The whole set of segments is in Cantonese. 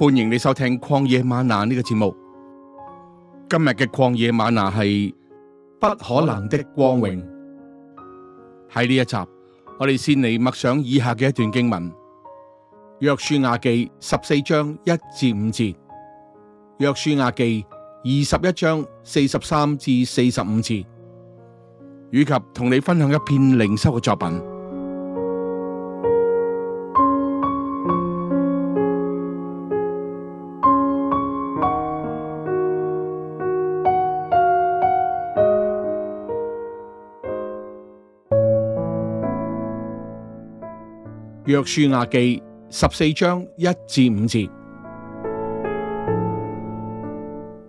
歡迎你收聽曠野嗎哪呢個節目。今日嘅曠野嗎哪係不可能的光榮。喺呢一集，我哋先嚟默想以下嘅一段經文：約書亞記十四章一至五節，約書亞記二十一章四十三至四十五節，以及同你分享一篇靈修嘅作品。約書亞記十四章一至五節，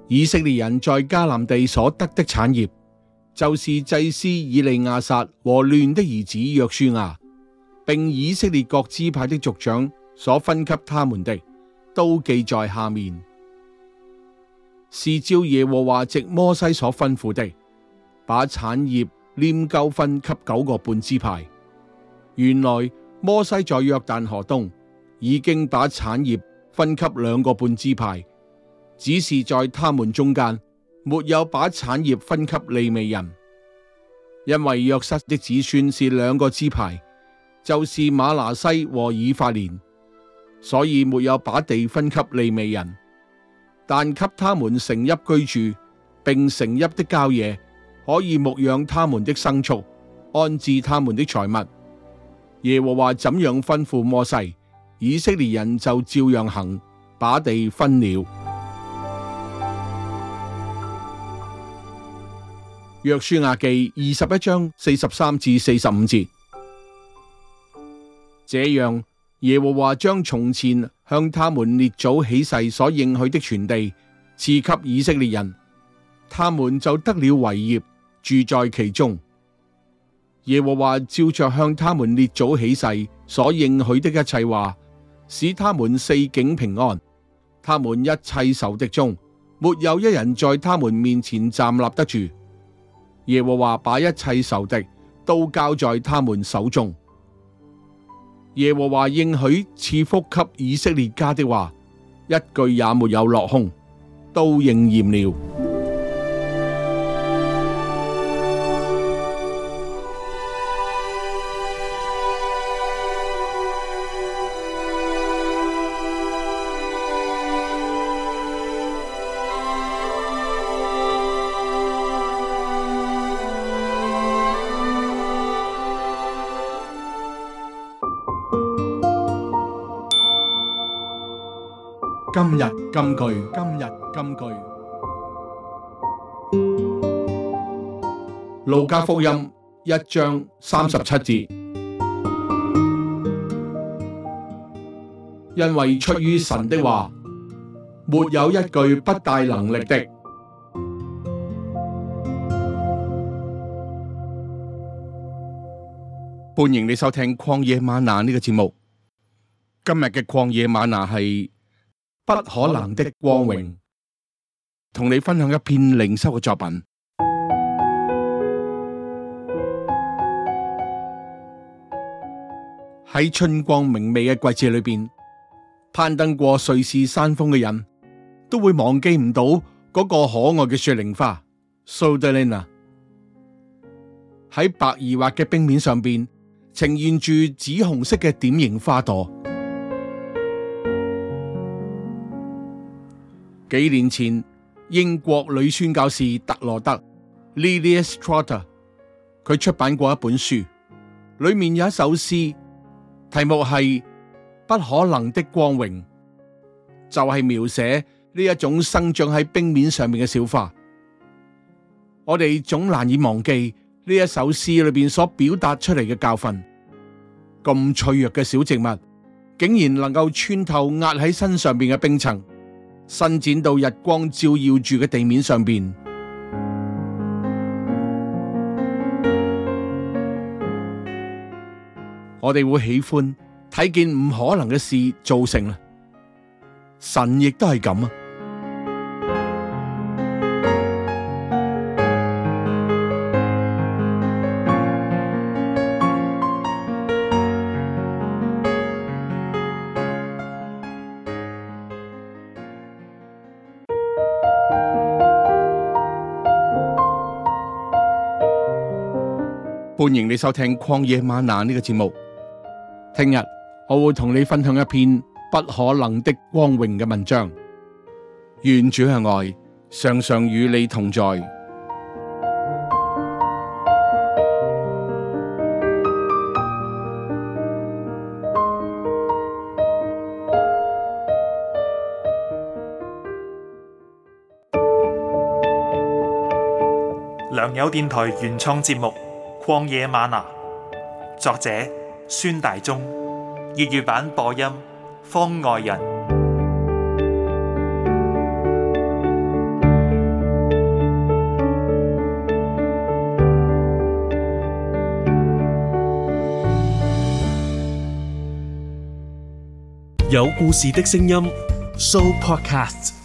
以色列人在迦南地所得的產業，就是祭司以利亞撒和亂的兒子約書亞，並以色列各支派的族長所分給他們的，都記在下面，是照耶和華藉摩西所吩咐的，把產業拈鬮分給九個半支派。原來。摩西在約旦河東已經把產業分給兩個半支派，只是在他們中間沒有把產業分給利未人，因為約瑟的子孫是兩個支派，就是馬拿西和以法蓮，所以沒有把地分給利未人，但給他們城邑居住，並城邑的郊野，可以牧養他們的牲畜，安置他們的財物。耶和華怎樣吩咐摩西，以色列人就照樣行，把地分了。約書亞記二十一章四十三至四十五節，這樣耶和華將從前向他們列祖起誓所應許的全地賜給以色列人，他們就得了為業，住在其中。耶和華照着向他們列祖起誓所應許的一切話，使他們四境平安。他們一切仇敵中，沒有一人在他們面前站立得住。耶和華把一切仇敵都交在他們手中。耶和華應許賜福給以色列家的話，一句也沒有落空，都應驗了。今日金句，今日金句，路加福音一章三十七字，因為出於神的話，沒有一句不帶能力的。歡迎你收聽《曠野瑪娜》呢、這個節目，今日嘅《曠野瑪娜》係。不可能的光榮，同你分享一篇靈修嘅作品。喺 春光明媚嘅季節裏邊，攀登過瑞士山峰嘅人都會忘記唔到嗰個可愛嘅雪鈴花，Sodalina 喺白而滑嘅冰面上邊呈現住紫紅色嘅典型花朵。幾年前，英國女宣教士德羅德 l i l i a n Trotter） 佢出版過一本書，裏面有一首詩，題目係《不可能的光榮》，就係、是、描寫呢一種生長喺冰面上面嘅小花。我哋總難以忘記呢一首詩裏邊所表達出嚟嘅教訓：咁脆弱嘅小植物，竟然能夠穿透壓喺身上面嘅冰層。伸展到日光照耀住嘅地面上邊， 我哋會喜歡睇見唔可能嘅事造成啦。神亦都係咁啊！歡迎你收聽曠野嗎哪呢個節目。聽日我會同你分享一篇不可能的光榮嘅文章。願主嘅愛常常與你同在。良友電台原創節目。曠野嗎哪，作者孫大中，粵語版播音方外人，有故事的聲音 show podcast。